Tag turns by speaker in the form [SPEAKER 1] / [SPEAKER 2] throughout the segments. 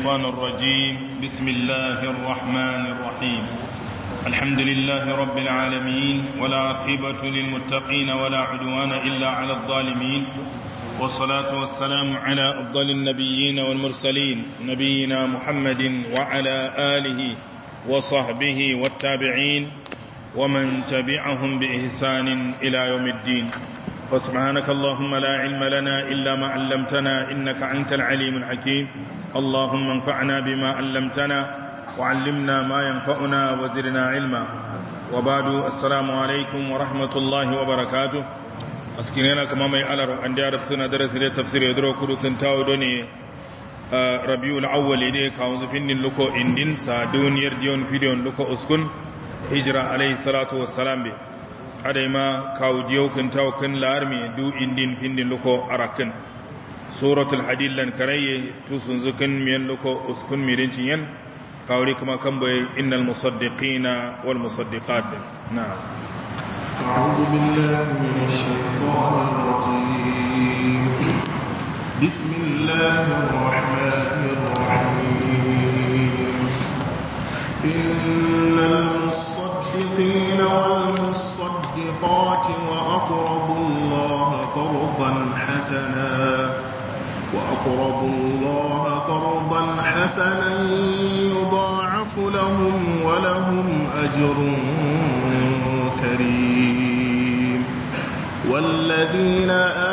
[SPEAKER 1] الشيطان الرجيم بسم الله الرحمن الرحيم الحمد لله رب العالمين ولا عقبة للمتقين ولا عدوان إلا على الظالمين والصلاة والسلام على أفضل النبيين والمرسلين نبينا محمد وعلى آله وصحبه والتابعين ومن تبعهم بإحسان إلى يوم الدين وسبحانك اللهم لا علم لنا إلا ما علمتنا إنك أنت العليم الحكيم اللهم انفعنا بما علمتنا وعلمنا ما ينفعنا وزرنا علما وبعد السلام عليكم ورحمة الله وبركاته أسكننا كما ما يعلر أن يعرف سنة درس لي تفسير يدرو كدو كنتاو دوني ربيع الأول إليه كاوز فين لكو إندين سادون يرديون فيديون لكو أسكن هجرة عليه الصلاة والسلام بي أدي ما كاو ديو كنتاو كن لارمي دو إندين فين لكو أراكن سورة الحديد لن كريي توسن زكن لكو اسكن مين تين قولي كم بي إن المصدقين والمصدقات نعم أعوذ بالله من
[SPEAKER 2] الشيطان
[SPEAKER 1] الرجيم بسم الله
[SPEAKER 2] الرحمن الرحيم إن المصدقين والمصدقات وأقربوا الله قرضا حسنا وأقرضوا الله قرضا حسنا يضاعف لهم ولهم أجر كريم والذين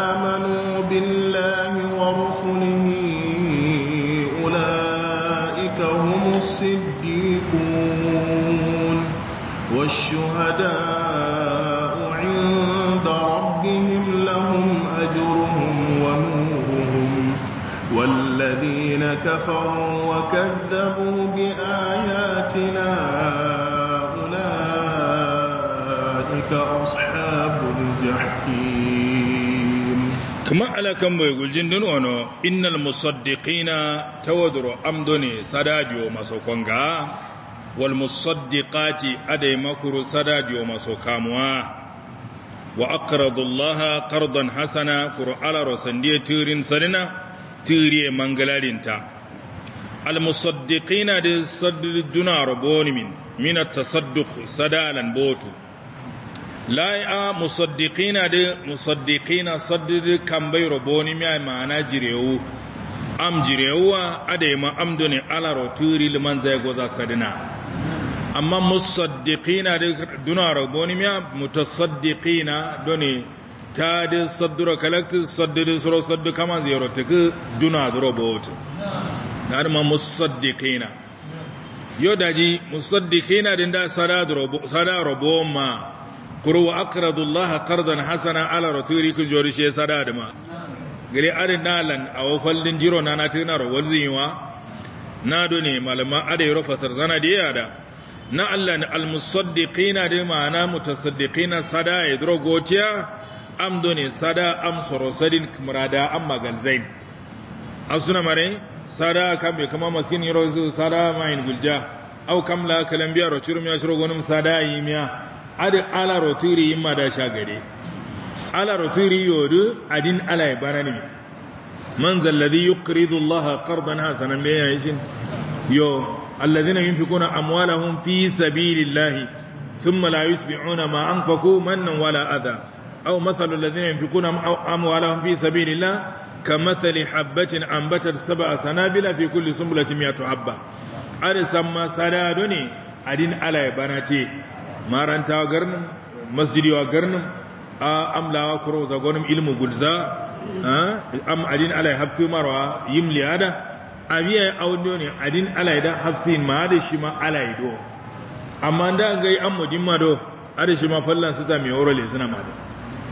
[SPEAKER 2] آمنوا بالله ورسله أولئك هم الصديقون والشهداء الذين كفروا وكذبوا بآياتنا
[SPEAKER 1] أولئك أصحاب الجحيم كما على كم يقول جندن وانو إن المصدقين تودر أمدني سداجو مسوكونغا والمصدقات أدي مكر سداجو مسوكاموا وأقرض الله قرضا حسنا قرآن رسندية تيرين سلنا tiriye mangalarinta almusaddiqina da sadduna raboni min min at-tasadduq sadalan botu la'a musaddiqina da musaddiqina saddid kambai raboni ma na jirewu am jirewuwa adayma amduni ala roturi liman zai goza sadina amma musaddiqina da duna rabon mai mutasaddiqina doni tadin saddura kalaktin saddidin suro saddu kama ziyarotuku duna duro bautu na arma musaddikina yau daji musaddikina din da sada robo ma kuru wa akradullah qardan hasana ala rotiri ku jori she sada da gari arin nalan a wafallin jiro na na tina rawar zinwa na done malama ada yaro fasar zana da na Allah na almusaddiqina da ma'ana mutasaddiqina sada ya drogotiya am doni sada am sorosadin murada am magalzain asuna mare sada kam be kama maskin yiro su sada main gulja au kam la kalambiya ro churum ya shiro gonum sada yimiya adi ala rotiri yimma da gade. ala rotiri yodu adin ala ibanani e man ladhi yuqridu allah qardan hasanan be yashin yo alladhina yunfikuna amwalahum fi sabilillahi thumma la yutbi'una ma anfaqu mannan wala adha أو مثل الذين ينفقون أموالهم في سبيل الله كمثل حبة أنبتت سبع سنابل في كل سنبلة مئة حبة أرسم سرادني أدين على بناتي maranta garnin masjidi wa garnin a amlawa kuro za ilmu gulza am adin alai haftu marwa yim abiya ya adin alai da hafsin ma da shi ma do amma da ga yi an ma do shi wuro le ma da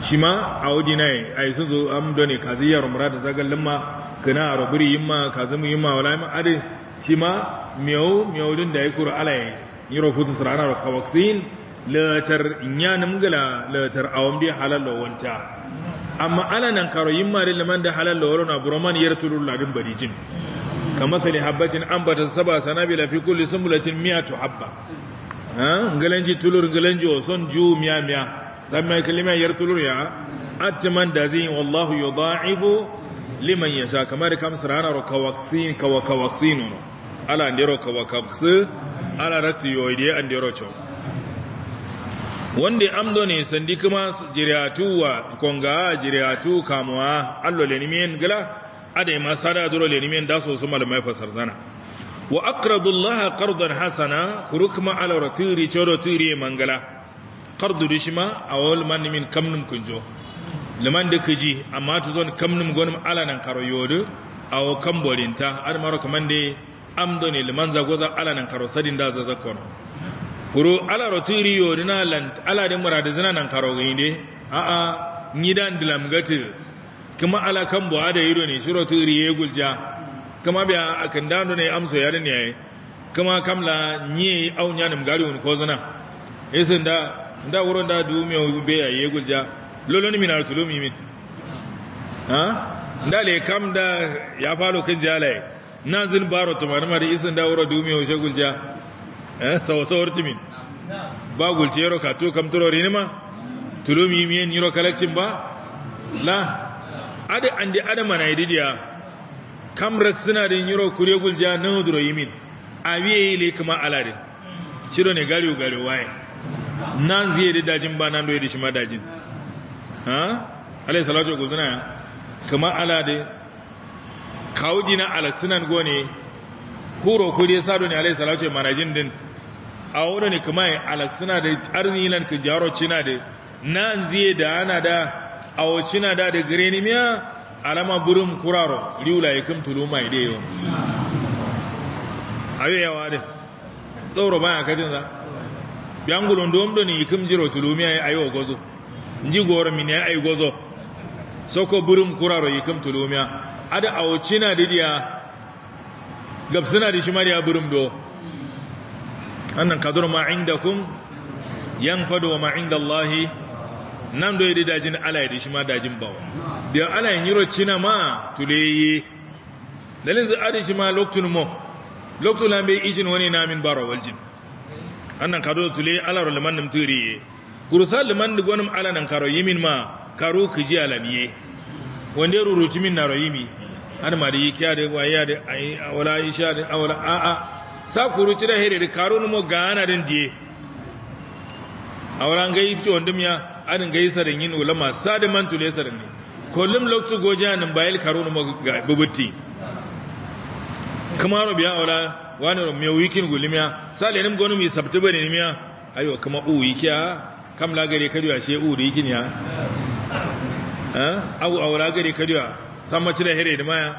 [SPEAKER 1] shi ma a waje na yi a yi sun zo amdo ne kazi yaro mura da zagallin ma kana a rabiri yin ma kazi mu yin ma wala ma adi shi ma miyau miyau din da ya kura ala yi yi rofutu sirana da kawaksin latar inya na mugala latar a da halal da wanta amma ala nan karo yin ma da liman da halal da wani buroman yar tulur ladin barijin kamar sali habbatin an bata saba sanabila fi kulli bulatin miya tu habba ngalanji tulur ngalanji wasan ju miya miya sami mai kalimiyar yartulur ya atiman da zai yi wallahu ya ba'ibu liman ya sha kamar da kamsa rana kawakawaksin nono ala ndero kawakawaksi ala rati yoyi an ndero cewa wanda amdo ne sandi kuma jiriyatu wa konga jiriyatu kamuwa allo lenimiyan gila adai ma sada duro lenimiyan da su su malamai fasar zana wa aqradu allaha qardan hasana kurukma ala ratiri choro tiri mangala qardu dishma awol man min kamnum kunjo liman da kaji amma to zon kamnum gonum alanan karo yodo awo kamborinta ar maro kamande amdo ne liman zago za alanan karo sadin da zaza kono kuro ala rotiri yodina lant ala de murada zina nan karo ginde a a ngidan dilam gatir kuma ala kam bo ada yiro ne shiro tiri ye gulja kuma biya akan dano ne amso yarin ne yayi kuma kamla nyi au nyanum gari un ko zina isin da nda wuro nda du mi o be ya guja ja lolo ni minar min ha nda le kam da ya falo kin jalaye nazin zin baro tumani mari isin da wuro du mi o shegul ja eh sawo sawar min ba gulti yaro ka to kam turo rinima tulumi mi en yiro kalakcin ba la ade ande adama na ididiya kam rak suna da yiro kure gulja nan duro yimin awiye le kuma alare shiro ne gariyo gariyo waye nan zai da dajin ba nan doye da shi ma dajin ha alai salatu ko zuna kuma ala da kaudi na alaksinan gone kuro ko dai sado ne alai salatu ma najin din a wurin ne kuma alaksina da arzilan ka jaro cina da nan zai da ana da a wacina da da miya alama burin kuraro riula ya kim tulu mai da yawa ayo yawa da tsoro baya kajin za biangulon dom do ni ikim jiro tulumi ay ayo gozo nji goro min ay ay gozo soko burum kuraro yikum tulumiya ada awcina didiya gabsina di ya burum do annan kadur ma indakum yanfadu wa ma inda allahi nan do yidi dajin ala yidi shima dajin bawa biya ala nyiro cina ma tuleyi dalin za adi shima loktun mo loktun lambe izin wani namin baro waljin annan karo tule ala liman nim turiye kurusa liman gonum ala nan karo yimin ma karo kiji alaniye wande ruruti min naro yimi an ma da ya da waya da ai wala isha da awala a a sa kuruci da here karo numo gana din die awran ga yifti wandum ya adin ga sarin yin ulama sa da man tule sarin ne kullum lokacin gojiya nan bayil karo numo bubuti kamar biya awla wani me wikin gulimya sale nim gonu mi sabti bane nimiya ayo kuma u yikiya kam la gare kadiwa she u yikin ya eh au awra gare kadiwa samma cire here da maya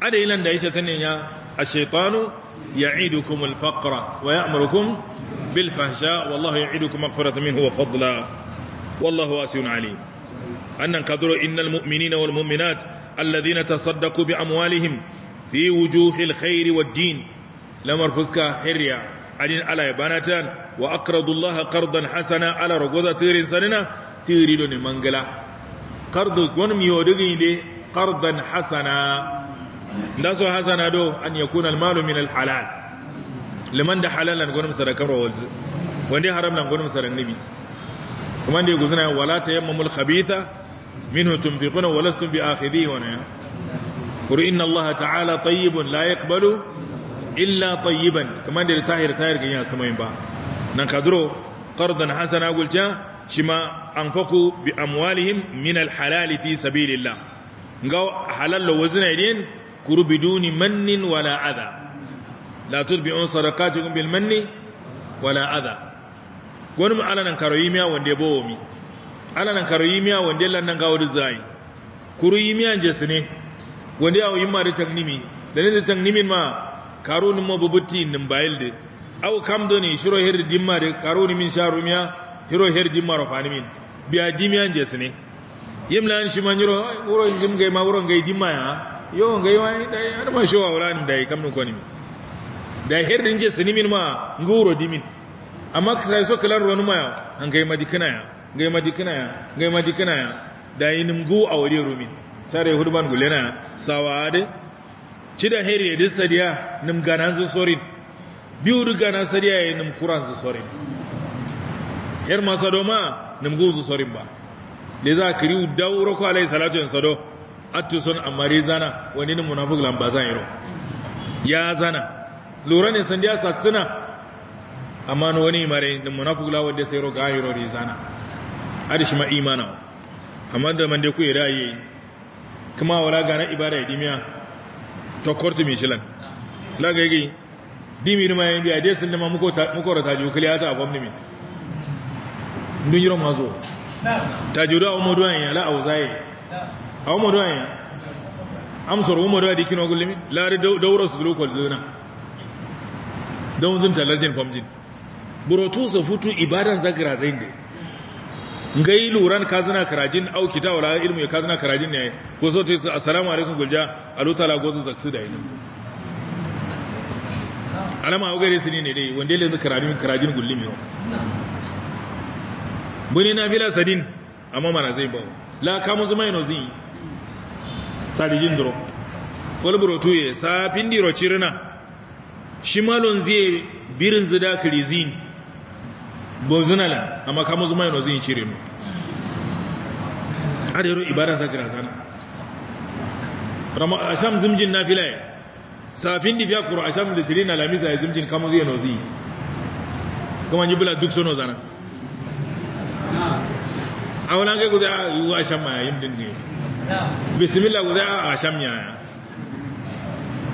[SPEAKER 1] ada ilan da aisha tanin ya ash-shaytanu ya'idukum al-faqra wa ya'murukum bil fahsha wallahu ya'idukum maghfiratan minhu wa fadla wallahu wasi'un alim annan kadro innal mu'minina wal mu'minat alladhina tasaddaqu bi amwalihim fi wujuhil khairi wad-din lamar fuska hirya adin ala ya banatan wa aqradullaha qardan hasana ala ragwaza tirin sanina tiri do ne mangala qardu gon mi yodigi de qardan hasana ndaso hasana do an yakuna almalu min alhalal liman da halalan gon sadakar walzi wanda haram nan gon sadan nabi kuma da guzuna wala ta tayammamul khabitha minhu tunfiquna walastum bi akhidhi wa na qul inna allaha ta'ala tayyibun la yaqbalu illa tayyiban kamar da tahir tahir ganyan samayin ba nan kadro qardan hasana gulja shima anfaku bi amwalihim min alhalal fi sabilillah ngaw halal lo wazna idin kuru biduni mannin wala adha la tudbi'un sadaqatukum bil manni wala adha wani mu alanan karoyimiya wanda bowo mi alanan karoyimiya wanda lannan gawo dizai kuru yimiya je sine wanda yawo yimma da tagnimi da ne da tagnimin ma karuni mo bubuti nin bayil de aw kam do ni shiro her dimma de karuni min sharumiya hiro her dimma ro fani min biya dimiya je sine yimla an shi maniro wuro ngim ge ma wuro ngai dimma ya yo ngai wani dai har ma shiwa wala ni dai kam ko koni da her din je sine min ma nguro dimin amma ka sai so kalar ro ma ya ngai madikina ya ngai madikina ya ngai madikina ya da yinim gu ro rumin tare hurban gulena sawade cida heri da sadiya nim ganan zu sorin biyu da ganan sadiya ya nim kuran zu sorin masa doma nim gu zu sorin ba le za kiri dauro ko alai salatu yin sado attu sun amari zana wani nin munafiq lan bazan yaro ya zana lura ne sandiya satsina amma wani mare nim munafiq la wanda sai ro ga ro ri zana adishi ma imana amma da man da ku yi rayi kuma wala gana ibada ya dimiya to korti michelin la ga yi dimi ma yin biya dai sun ma muko ta ji kuli hata a gwamni mi dun yi mazo ta ji da umaru an yana la'awu zaye a umaru an yana amsar umaru a dikin la lari daura su kwal zuna don zun talarjin famjin burotu su futu ibadan zagara zai dai ngai luran kazina karajin au kita wala ilmu ka kazina karajin ne ko so yi assalamu alaikum gulja alutala gozo zaksu da yin alama au gare su ne dai wanda yake karajin karajin gullimi wa buni na bila sadin amma mana zai ba la kamu zuma yana zin sadijin duro kolburo tuye safin diro cirina shimalon zai birin zida krizin bozuna la amma kamo zuma yana zai cire mu adero ibada sakira sana rama asam zimjin nafila ya safin di biya kuro asham da tirina lamisa zimjin kamo zi yana zi kuma ji duk sono zana a wani kai guza ah, a yi wa asham ma yayin din gai bismillah guza a ah, ya yaya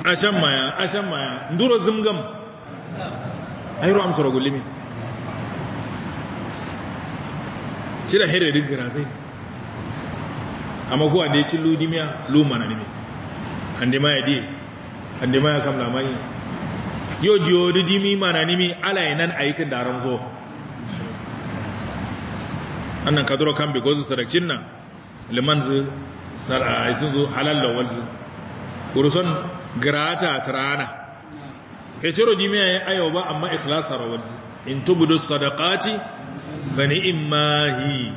[SPEAKER 1] asham maya asham maya nduro zimgam ayro amsoro gulimi ci da hera rig grazai amma ko ande ci ludimiya lumana ne ande ma yadi ande ya kam yau mai yau jiyo dimi mana nimi ala nan aikin da ramzo annan kadro kan bi gozu sarakcin nan liman zu sarai sun zo halal lawal rana ya grata tarana hetero dimiya ayyau ba amma ikhlasar walzu zu in tubudu sadakati. فنئما هي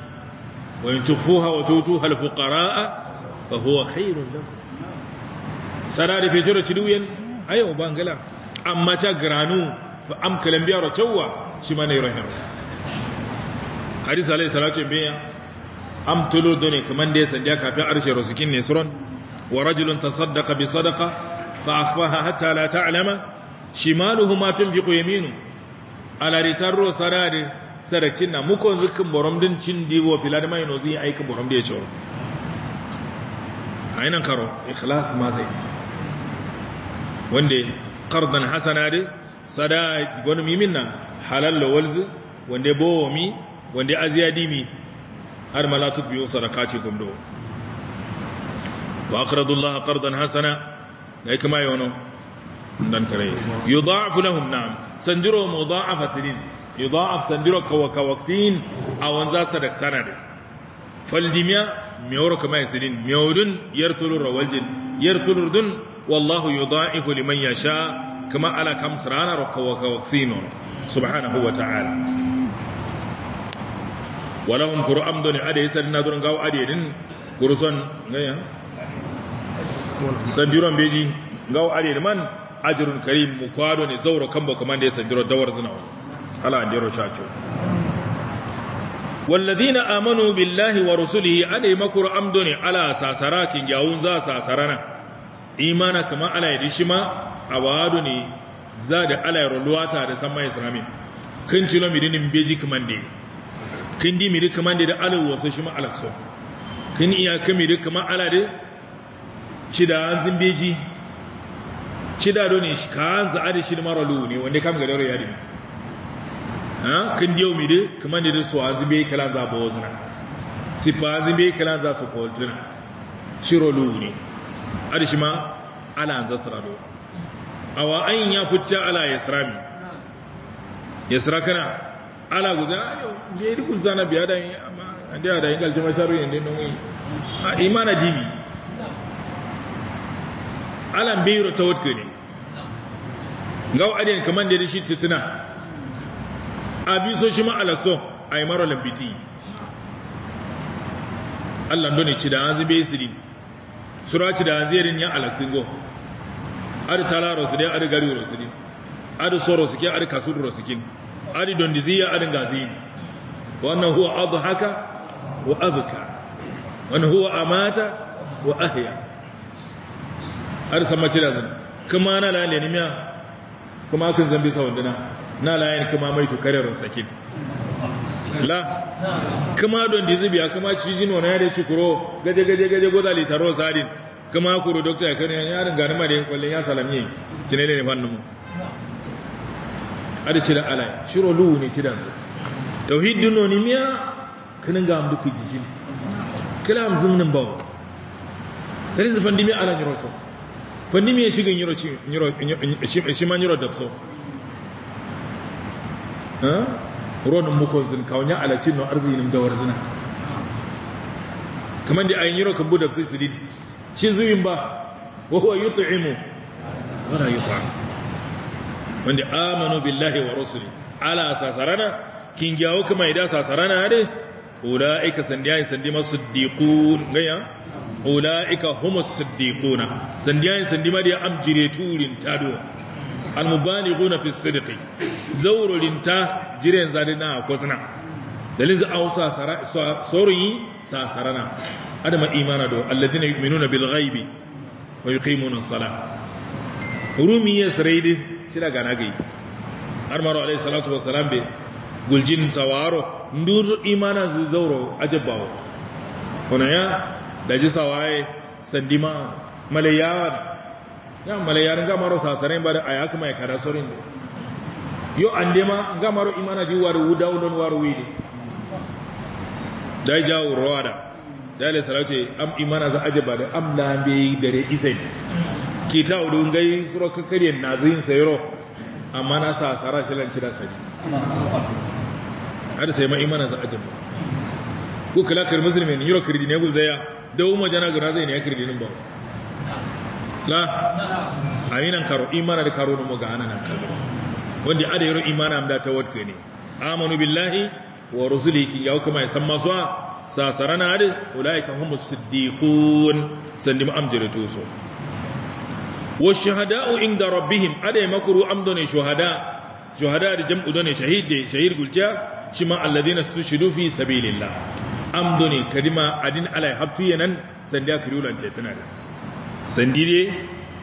[SPEAKER 1] وإن تخفوها وتؤتوها الفقراء فهو خير لكم sarari fetoro ciduyen ayo bangala amma ta granu fa am kalambiya ro cewa shi mana yoro hin hadis alayhi salatu biya am tulo done kaman da sandiya kafin arshe rosikin ne suron wa rajulun tasaddaqa bi sadaqa fa akhfaha hatta la ta'lama shimaluhu ma Sarakcin na mukon zikin boromdin cin diwo filar mai no zai aika boromdi ya ciwo a yanan karo ikhlas ma zai wanda kardan hasana da sada wani mimin na halalla walzi wanda bowomi wanda aziyadi mi har malatut biyu saraka ce gumdo wa aqradullah qardan hasana da kuma yono dan kare yudha'afu lahum na'am a mudha'afatin yudha'af a wa kawaktin awan za sadak sanade faldimya miyoro kama yasidin miyodun yartulur rawaljin yartulur dun wallahu yudha'ifu liman yasha kama ala kamsrana roka wa kawaktin subhanahu wa ta'ala walahum kuru amdoni ade yasadin nadurun gaw ade din kuruson ngaya sandiron beji gaw ade man ajrun karim mukwado ne zauro kambo kamanda yasandiro dawar aláàdẹ́rọ̀ ṣáàtù wàlladina amanu billahi wa rusulihi ade makuru amdoni ala sasara kin yawun za sasarana imana kama ala yadda shi ma za da ala yi da sama islami kin cilo midinin beji kamande kin di midi kamande da ala wasu shima alakso kin iya kuma midi kama ala da cida an zin beji cida don ne shi ka za ade shi maralu mara ne wanda kam ga daura yadda kan diyo mi de kuma ne da so azibe kala za ba wazna si fa azibe kala za su koltuna shiro luni ma ala an zasrado awa ayin ya fucca ala yasrami yasra kana ala guza je ri kun zana biya da amma da da yin jama'a sharu ne non yi a imana dimi ala mbiro tawt gani gaw adin kaman da shi tituna so shi ma alakso ay maro lambiti Allah ne ci da anzi sidi. siri sura ci da anzi rin ya alaktingo adi talaro su dai adi gari ro su dai adi soro su ke adi kasuru ro ke adi dondiziya adi gazi wannan huwa adhaka wa abka wannan huwa amata wa ahya adi ci da zan kuma na lalle ne miya kuma kun zambi sa na na layan kuma mai to kararin sakin la Kuma don dizibiya kuma cijin wani yare cikuro gaje gaje gaje goza litaro sadin Kuma kuro dokta ya kare yarin gani ma da yin kwallon ya salamye su ne ne fannin mu adi cira alai shiro luwu ne cidan su tauhidin noni miya kanin ga amdu ku jijin kila amzin nan bawa tare zafan dimi ala nyiro to fandimi ya shiga nyiro shi ma nyiro dafso Ruwan mukon zin ya alaci no arzinim da warzina kamar da ayin yiro kan budaf sai sidi shi zuyin ba yi ta yut'imu wa yi ta wanda amanu billahi wa rasuli ala sasarana kin gyawo kuma ida sasarana dai ulaika yi sandi diku gaya ulaika humus sandiya yi sandi ma da ya amjire turin tado almubalighuna fi sidqi zawrulinta jiren zadina kozna dalin za ausa sara sori sa sarana adama imana do alladhina yu'minuna bil ghaibi wa yuqimuna as-salah rumi yasraidi sila gana gai armaro alayhi salatu wa salam be guljin sawaro ndur imana zawro ajabawo onaya daji sawaye sandima malayawa yan mala yaran gamaro sasaren ba da aya mai ya kara sorin yo andema gamaro imana ji waru wudawlon waru widi dai ja urwada dai le salauce am imana za aje ba da am na be dare isai ta udun gai suro kakare nazin sayro amma na sasara shi lan kira sai har sai ma imana za aje ba ko kala kar muslimin ne yiro kirdi ne gulzaya dawo majana gura zai ne kirdi nan ba la aminan karo imana da karo mu ga anan wanda ada yaro imana amda ta wadka ne amanu billahi wa rusulihi ya kuma ya san masu sasarana adi ulaika humus siddiqun sandim amjiratu so. wa shuhada'u inda rabbihim ada makru amdone shuhada shuhada da jam'u done shahid shahid gulja shima alladhina stushidu fi sabilillah amdone kadima adin alai habtiyanan sandiya kirulante tana da sandide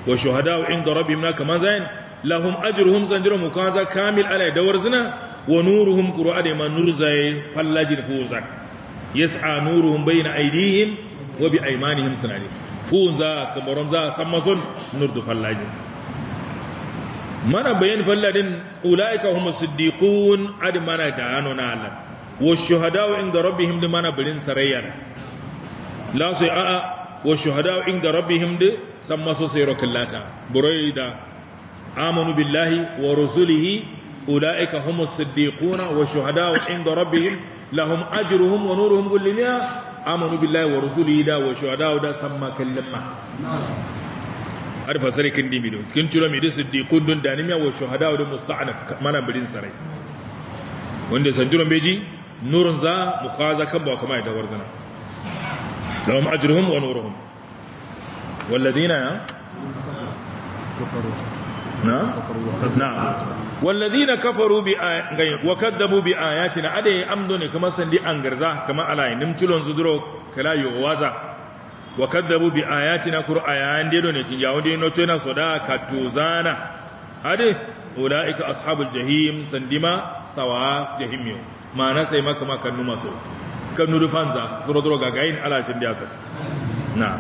[SPEAKER 1] wa shuhada'u inda rabbihim kaman zain lahum ajruhum zanjirum mukaza kamil ala dawar zina wa nuruhum qur'an man nurzai fallajin fuzan yas'a nuruhum bayna aydihim wa bi aymanihim sanani fuza kamaron za samazon nurdu fallajin mana bayan falladin ulaika hum siddiqun ad mana da anona Allah wa shuhada'u inda rabbihim limana bilin sarayyar la sai a'a wa shuhada inda rabbihim da san maso sai rokallata burai da amanu billahi wa rusulihi ulaika humus siddiquna wa shuhada inda rabbihim lahum ajruhum wa nuruhum kullina amanu billahi wa rusulihi da wa shuhada da san ma kallama arfa sarkin dimino cikin ciro mai da siddiqun dun danimiya wa shuhada da musta'anaf mana birin sarai wanda sanjuran beji nurun za mu kaza kan ba kuma da warzana lahum ajruhum wa nuruhum walladina kafaru na na walladina kafaru bi wa kadzabu bi ayatina ade ne kamar sandi an garza kamar alayin nimculon zuduro kala yowaza wa kadzabu bi ayatina qur'ayan dedo ne kin yawo deno to yana soda katuzana ade ulaika ashabul jahim sandima sawa jahim yo sai maka kannuru fanza surodoro gagain ala shimbia sex na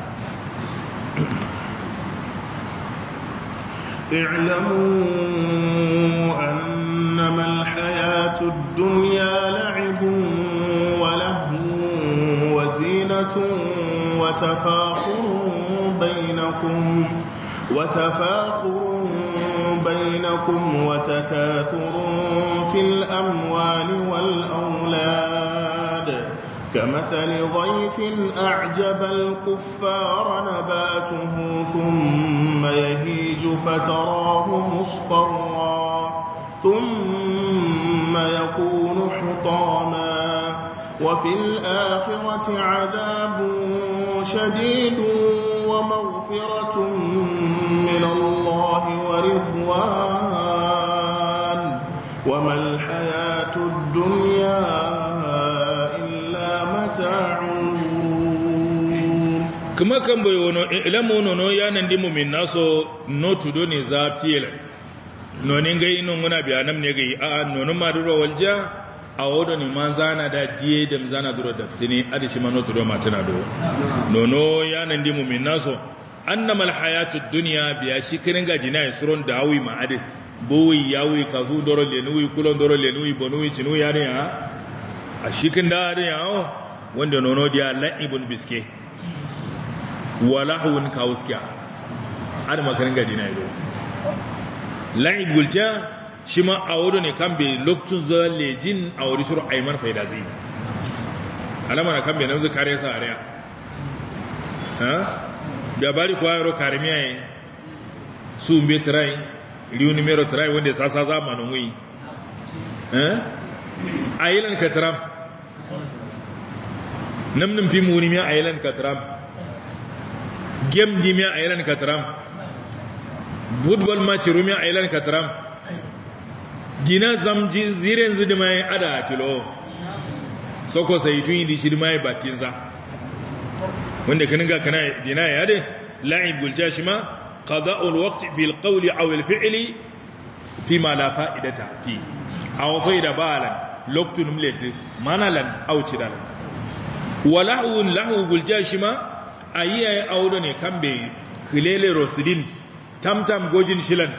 [SPEAKER 2] اعلموا أنما الحياة الدنيا لعب ولهو وزينة وتفاخر بينكم وتفاخر بينكم وتكاثر في الأموال والأولاد كمثل ضيف أعجب الكفار نباته ثم يهيج فتراه مصفرا ثم يكون حطاما وفي الآخرة عذاب شديد ومغفرة من الله ورضوان وما الحياة
[SPEAKER 1] الدنيا kuma kan bai wono mu eh, nono yanan dimu min naso no tudo ne za tiyela nonin gai nun muna biya ne gai a nonin ma duro walja a wodo ne man zana da jiye da zana duro da tini adi shi ma no tudo ma tana do nono yanan dimu min naso annamal hayatud dunya biya shi ga gaji na surun dawi ma adi bowi yawi kazu doro lenuwi kulon doro lenuwi bonuyi cinu yarinya a shikin da ya wanda nono dia la'ibun biske walahun kawuskiya har makarin gadi na ido la'ib gulciya shi ma a wado ne kan bai lokacin zuwa lejin a wuri shiru a yi man faida zai alama na kan bai namzu kare sa a riya da bari kuwa yaro kare miya yi su mbe tirai riuni mero tirai wanda ya sasa zamanin wuyi a yi lan katram namnin fi muni miya a yi lan katram gem di mi ayran katram football match rumi ayran katram dina zamji ziren zidi mai ada tilo soko sai tun yi shi mai batinza wanda kanin ga kana dina ya de la'ib gul jashima qada'u qada'ul bil qawli aw al fi'li fi ma la fa'idata fi aw fa'ida balan loktun mleti mana lan aw chidalan wa lahu lahu gulja shi ayiya auda ne kambe khilele rosidin tamtam gojin shilan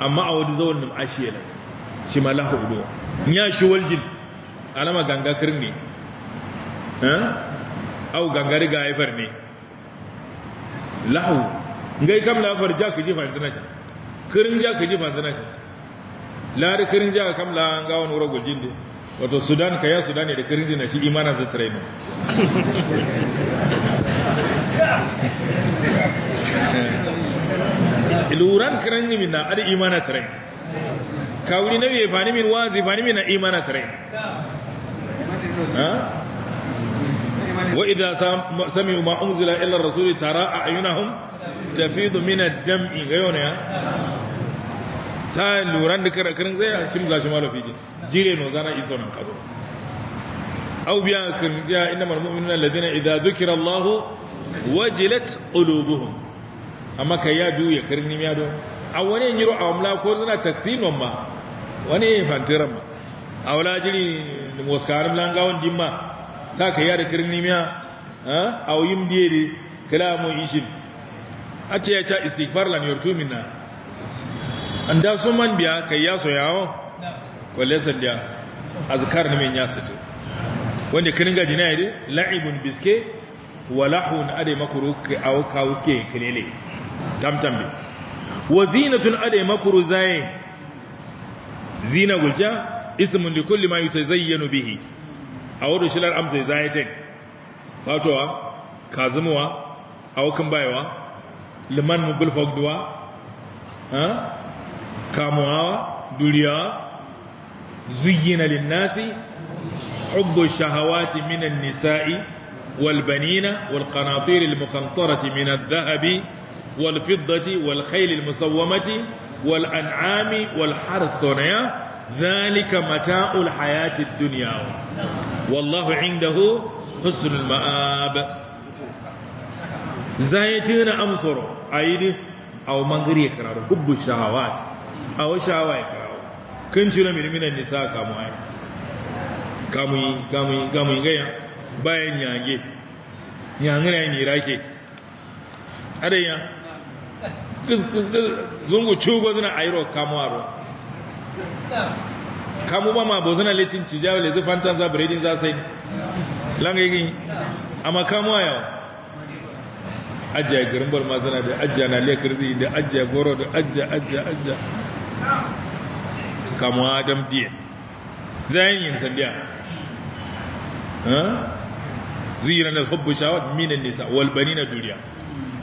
[SPEAKER 1] amma awdi zawon nim ashiyela shi malahu do nya shi waljin alama ganga ne eh au gangari ga haifar ne lahu ngai kam la farja ku ji fanzan shi kirin ja ku ji fanzan shi lari kirin ja kam la gawon wuro guljin din wato sudan ka ya sudan ne da kirin na shi imanin zai tare mu luran kiran yi min na ada imana tare ka wuri na biye fani min wazi fani min na imana tare wa idza sami'u ma unzila illa rasuli tara a ayunahum tafidu min ad-dam'i gayona ya Sai luran da kiran zai shimza shi malafi jire no zana iso nan kazo أو بيانك يا إنما المؤمنون الذين إذا ذكر الله وجلت قلوبهم أما كيا بيو يكرني ميا دو أولي ينيرو أوملا كورنا تكسين وما وني فانترم أولا جلي موسكارم لانغاون جمع كيا يا ركرني ميا أو يمديري كلام إيشين أتي أتي استغفار لن يرتو منا أندا دا سمان بيا كيا سويا وليس ديا أذكار من ياسته wanda kiringa jina yare la'ibun biske wa lahun adai makuru au kawuske kilele tamtambe wa zinatun adai makuru zaye zina gulja ismun li kulli ma yutazayyanu bihi a wurin shilar amsa zaye ten fatowa kazumuwa awakin bayawa liman mugul fogduwa kamuwa duriya zuyyina linnasi حب الشهوات من النساء والبنين والقناطير المقنطرة من الذهب والفضة والخيل المسومة والأنعام والحرث ذلك متاع الحياة الدنيا والله عنده حسن المآب زايتين أمصر عيد أو منغري يكرار حب الشهوات أو شهوات يكرار كنت من النساء كمعين gamuyi gamuyi gamuyi gaya bayan yange yange na ne rake adayya zungu cugo zina ayiro kamu aro kamu ba ma bo zina lecin cijawa lezu fantan za biredin za sai langagin amma kamu a yau ajiya garin balma zana da ajiya na lekar zai da ajiya goro da ajiya ajiya ajiya kamu adam diya yin sandiya zuyira na hubbu shawar minin nisa wal banina duriya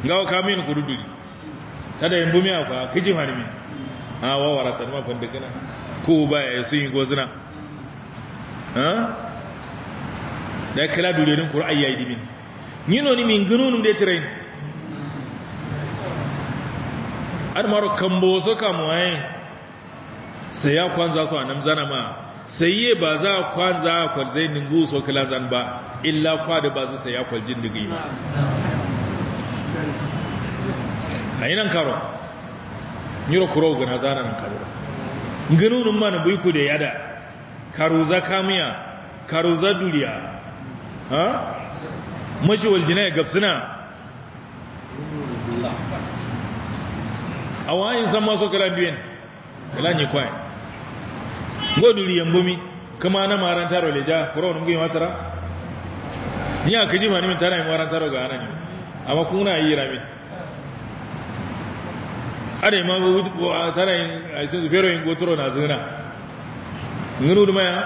[SPEAKER 1] ga waka min kudu duri da yin bumi kwa kiji harmi a wawara ta ma fandakina ko ba ya sun yi gozina da kala durenin qur'ai yayi dimin yino ni min da ya train an maro kambo so yi. sai ya kwanza su a namzana ma sayye ba za kwan za kwal zai ningu so kala zan ba illa kwa da ba zai saya kwal jin digi ba nan karo nyiro kuro gana zana nan karo ganunun mana bai da yada karo za kamiya karo za duriya ha mashi waljina ya gabsina a wayin san maso kala biyan kala kwayan goduli yambumi kama na maran taro leja kuro wani mugun matara ni a kaji ma nimin tara yi maran taro ga ana ne amma kuna yi rami yi ma ba wuce ko tara yin a cikin fero yin gotoro na zina gano da maya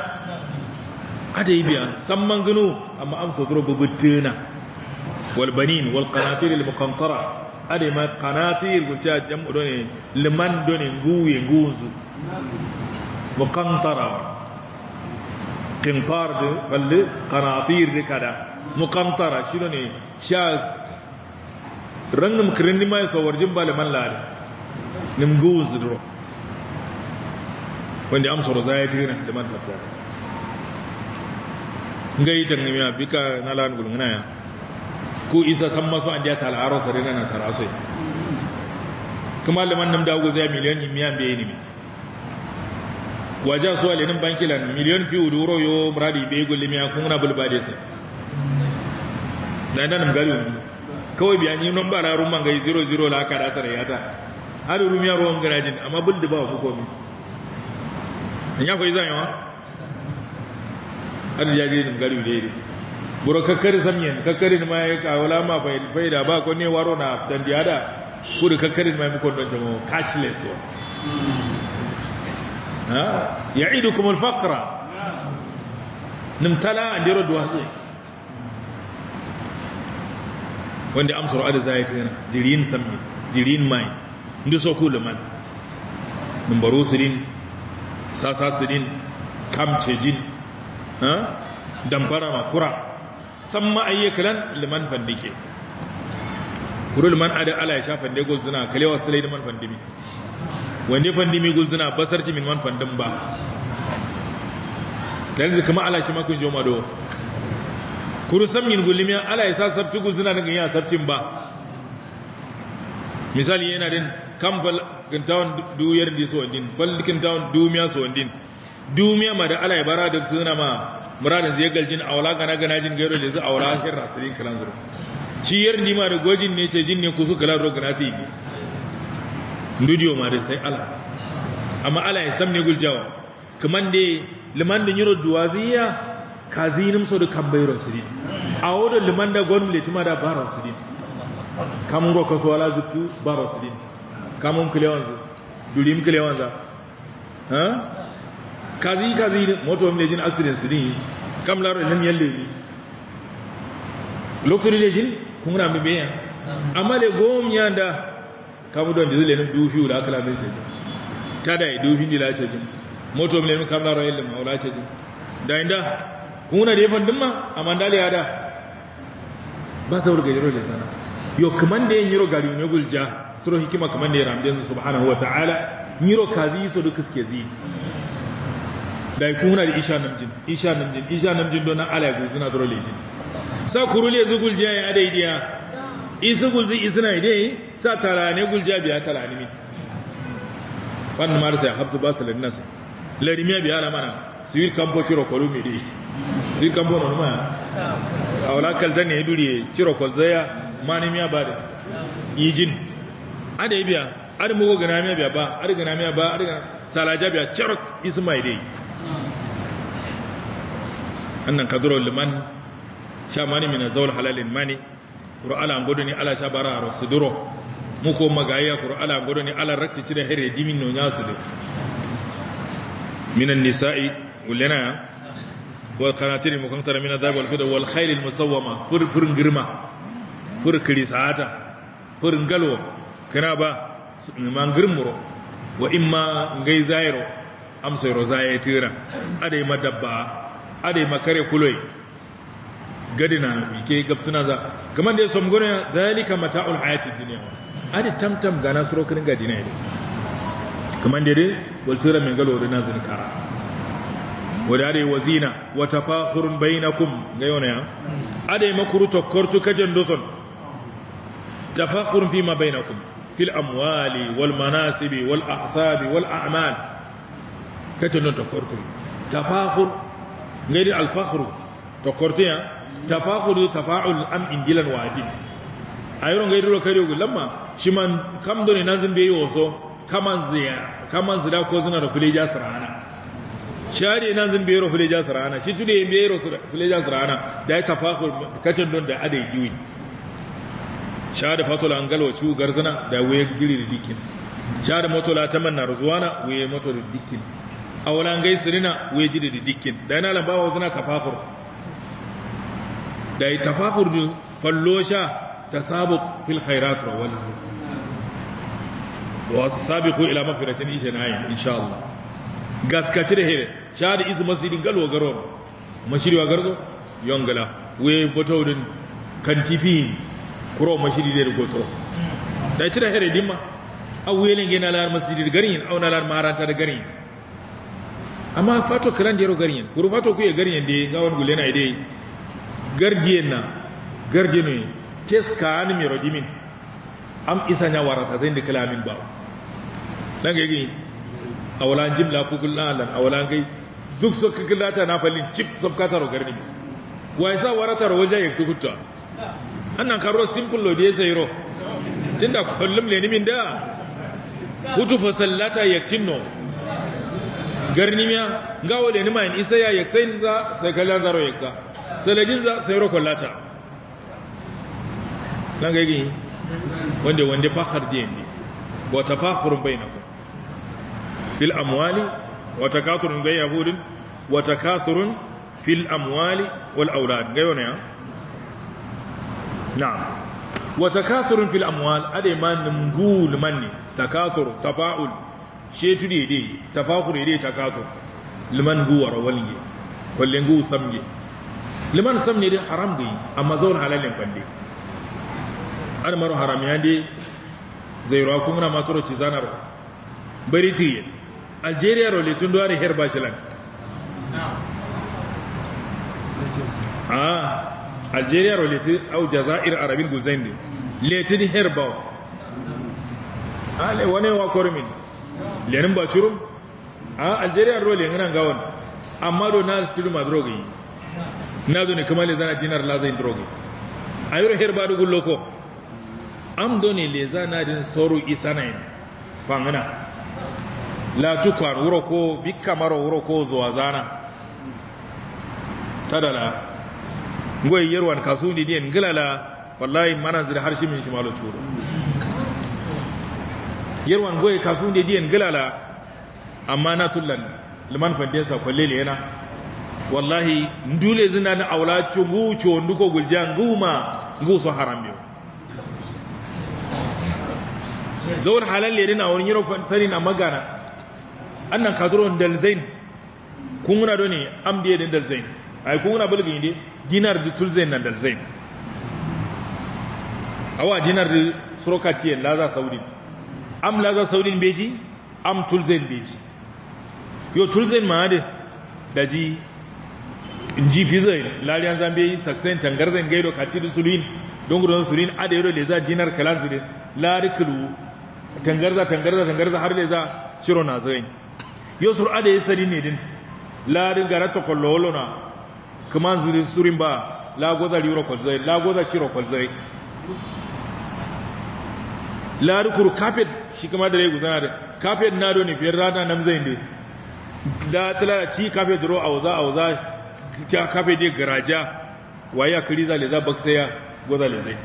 [SPEAKER 1] ada yi biya samman gano amma amsa turo babbutuna walbanin walqanatir almuqantara yi ma qanatir gunta jam'u done liman done nguye ngunzu muqantara qintar de walle qanatir de kada muqantara shi ne sha rangam kirinni mai sawarjin balaman lare nim guz dro wanda amsa rozaya tirina da ngai tan ne ya na lan gulngana ya Ku isa samma so an jata al'arasa rena na sarasai kuma liman nam dago zai miliyan imiyan bai ne Wajen suwa lenin bankilan miliyon fi uduro yo muradi bai gulli ya kun na sa. sai yana nan gari kawai biya ni nan bara rumman gai 00 la ka da sare yata har rumiyar ruwan garajin amma buldi ba ku komi in ya koyi zanyewa har jagiri nan gari dai buru kakkari samiyan kakkari ma ya kawala ma faida ba ko ne waro na tandiyada, diada kudu kakkari ma ya mukon don jama'a cashless kuma يعيدكم الفقر نمتلا نديرو دوازي wanda amsar ada zai ta yana jirin sammi jirin mai ndi so kula man numbaro sirin sasa sirin kamcejin damfara makura san ma'ayyakalan liman fandike kuri liman ada ala ya sha fande gold zina kalewa silai liman fandimi wande fandi mi gulzuna basarci min man fandin ba dan zai kama ala shi makon joma do kuru min gulimi ala ya sa sabtu gulzuna daga yin sabtin ba misali yana din kan bal kintawan duyar di so din bal kintawan dumiya so din dumiya ma da ala ya bara da suna ma muradin zai galjin aula gana gana jin gairo da zai aula akhir sirin kalan zuru ciyar ni ma da gojin ne ce jin ne kusu kalan ro gana ta yi ma da sai ala amma ala ya samne guljawa kaman de liman da nyiro duwaziya kazinim so da kambayro sirin a wodo liman da gon le tima da baro sidin kamun go kaso ala zuku baro sidin kamun kilewan zu dulim kilewan za ha kazi kazi moto mle jin accident sidin kam laro nan yalle lokuri le jin kun na mi beya amma le gom yanda kamudon jizile nim du fiu la kala be ceji tada e du hindi la ceji moto mai nemi kamar rayu da, mawla ceji da inda kuna ma, fan dimma ya da. ba zawul ga yiro le sana yo kaman de yiro gari ne gulja suro hikima kaman de ramden subhanahu wa ta'ala yiro kazi so duk suke zi da kuna da isha namjin isha namjin isha namjin don ala gulzina dole jin sa kurule zugulja ya adaidiya isu gulzi isna ide sa tarane gulja biya tarani mi wannan marsa ya habsu ba su lannan sa biya la mana su yi kampo ciro kolu mi de su yi kampo non ma a wala kalta ne duri ciro kolzaya miya ba da yijin ada biya ada mugo miya biya ba ada miya ba ada salaja biya ciro isma ide annan kadro liman shamani min zaul halalin mani kuro ala ngodo ni ala shabara aro siduro muko magaya kuro ala gudu ni ala rakci cire here dimin no nyaside minan nisa'i ulena wal karatiri mukantar minan adab wal fida wal khayl musawwama fur fur girma fur kirisata fur ngalo kana ba ma girmuro wa imma ngai zairo amsayro zaye tira adai madabba adai makare kuloi Gadi gadina ke gabsuna za kaman da som gona zalika mata'ul hayatid dunya adi tamtam gana ga nasro kirin gadina ne Kamar da dai waltura mai galo da nazin kara wada ade wazina wa tafakhurun kum. ga yona ya ade makuru tokkortu kajen doson tafakhurun fima bainakum fil amwali wal manasibi wal ahsabi wal a'mal kajen don tokkortu tafakhur ngadi al fakhru tokkortu ya tafaqulu tafa'ul am indilan wajib ayro gaidu ro kare gulamma shiman kam doni nazin be yoso kaman ziya kaman zira ko zina ro fuleja sarana shari nazin be ro fuleja sarana shi tude be ro fuleja sarana da tafaqul kacin don da adai jiwi shada fatul angalo wa chu garzana da waye da dikin moto motola tamanna ruzwana waye da dikin awalan gaisirina waye da dikin da yana lambawa zina tafaqul da yi tafakur da fallosha ta sabu fil khairat wa walzi wa sabiqu ila na yin insha Allah gaskaci da hire sha da izu masjidin galo garo wa garzo yongala we boto din kan tifi kuro mashiri da goto da ci da hire dimma awelin gina lar masjidin garin auna lar maranta da garin amma fato kiran da yaro garin kuru fato ku ya garin da ya gawon gulena idai gardiyena na teska ne tes an mi rodimin am isa nya warata zai da kalamin ba dan ga yi awalan jimla ku kullalan awalan gai duk so ka kullata na falin chip so ka taro gardi wai sa warata ro ya fito kutta annan karo simple lo da sai ro tunda kullum le nimin da fa fasallata yaktinno garnimiya ga wale ni mayin isa ya yaksain za sai kallan zaro yaksa salagin za sai rokon lata nan ga gini wanda wanda fahar da yanzu ba ta fahurin bai na ku fil amwali wata katurun gai yahudin wata katurun fil amwali wal aulad gai wani ya na'am wata katurun fil amwal adai ma nungul manni takatur tafa'ul shetu de yi tafakur de takato liman huwa rawalge wallen gu samge liman samne de haram de amma zaun halalin bande an maro haram ya de zairo kuma na matoro ci zanar bari ti algeria ro le tun do are her bashilan ah algeria ro le au jazair arabin gulzain de le ti her bawo ale ah, wane wa kormin lenin ba curum a algeria ro lenin an gawon amma do na stilu ma droga yi na do ne kuma le zana dinar la zai droga a yi her ba dugu loko am do ne le zana din sauru isanayin fangana la tukwan wuro ko bi kamar wuro ko zuwa zana tadala ngoyi yarwan kasu ni diyan gilala wallahi zira harshe min shi malo turo yarwan goye kasu ne diyan gilala amma na tullan liman fandesa kwalle ne yana wallahi ndule zina na aula chungu duka ko gulja nguma ngu haram yo zaun halal ne na wani yiro sani na magana annan kadron dalzain kun guna do ne amdiye da dalzain ai kun guna bulgin yi dinar da tulzain na dalzain awa dinar da surokati la za saudi am lagar saurin beji am tulzain beji yo tulzain ma da daji ji fizai lariyan zambe saksen tangarzan gaido da sulwin don gudun sulin ada yaro leza dinar kalan zidin lari kulu tangarza tangarza tangarza har leza shiro na zai yo sur ada yi sari ne din larin garata kwallo na kuma zirin surin ba lagoza riro kwalzai lagoza ciro kwalzai larukur kafet shi kama da rai guzana da kafet na do ne rana na zai ne da talara ci kafet ro a wuza a wuza ta kafet ne garaja waye a kiri zale za baksa ya goza le zai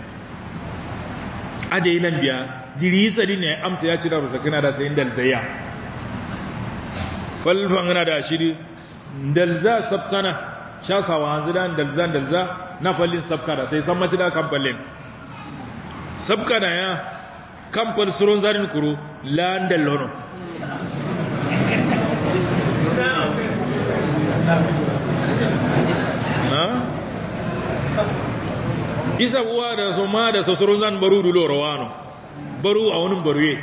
[SPEAKER 1] a da yi nan biya jiri tsari ne amsa ya da rusa kina da sayin ya. falfan yana da shiri dalza sabsana sha sawa hanzu da dalza dalza na fallin sabka da sai san mace da kan fallin sabka da ya kampan surun zarin kuru landal lono isa uwa da su ma da sassurun zan baru dulo rawano baru a wani baruwe.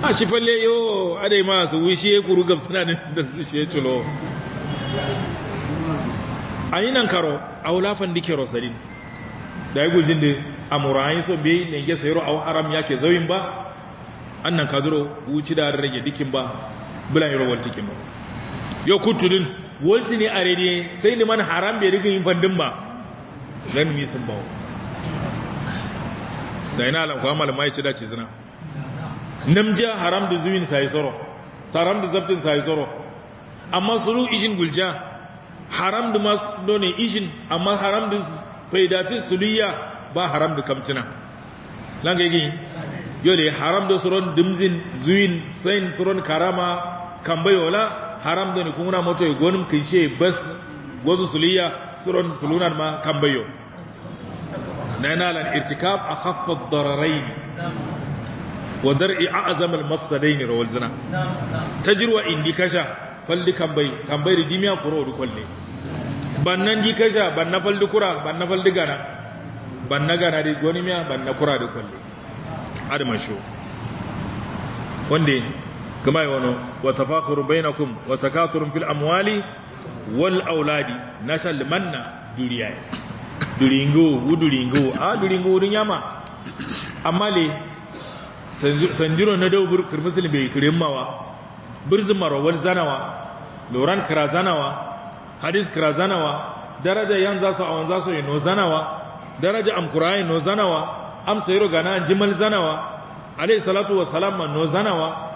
[SPEAKER 1] a shi falle yo adai masu wishe kuru ne da su shi cilo a yi nan karo a wulafan dike rosalin da da a murayen so bai ne ge sayro aw haram yake zawin ba annan kaduro wuci da rage dikin ba bulan yaro waltikin ba yo din walti ne a rede sai liman haram bai riga yin fandin ba zan mi sun bawo da ina alam kwa malama yace dace zina namja haram da zuwin sayi soro saram da zabtin sayi soro amma suru ishin gulja haram da masu done ishin amma haram da Faidatin suliyya ba haram da kamtina langa yau yole haram da suron dimzin zuin sain suron karama kambayola haram da ni kuna moto ya gonin kinshe bas gozu suliya suron sulunan ma kambayo na yana lan irtikab a haffa dararai wa dar'i a'zam al-mafsadain rawal zina tajruwa indi kasha kwalli kambai kambai jimiya kuro da kwalli. bannan di ban banna faldi kura na faldi gana banna gana da goni miya banna kura da kwalle adaman shi wanda kuma yi wani wata na bainakum wata katurin fil amwali wal auladi na na duriya duringo duringo a duringo wurin yama amma le sanjiro na dau burkir musulmi bai kirin mawa birzin zanawa loran kira zanawa hadis kira zanawa daraja yan za su awan za su yi no zanawa daraja am qur'ani no zanawa am sayro gana jimal zanawa alayhi salatu wa salam ma no zanawa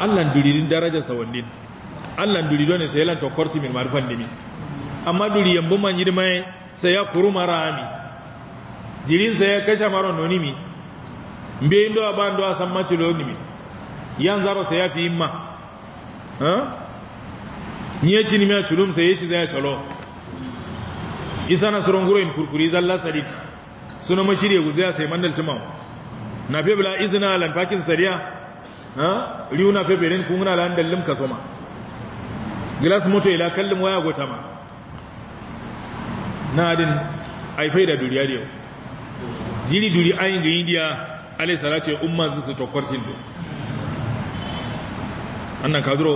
[SPEAKER 1] Allah duririn daraja sawannin Allah duriro ne sai lanta to korti min marfan dimi amma duri yambo man yi mai sai ya kuru marami jirin sai ya kashe maron noni mi mbe ndo abando asamma chilo Yan zaro sai ya fi imma ha nye chini culum sai ya yechi zai calo isa na suronguro in kurkuri zalla sadik suna mashiri ya guzaya sai mandal tuma na bila izina lan fakin sariya ha riuna febelin kuna lan dallim kasoma glass moto ila kallum waya gota ma na adin aifai da duriya da yau jiri duri ayin ga india alai sarace umman su tokwarcin to annan kaduro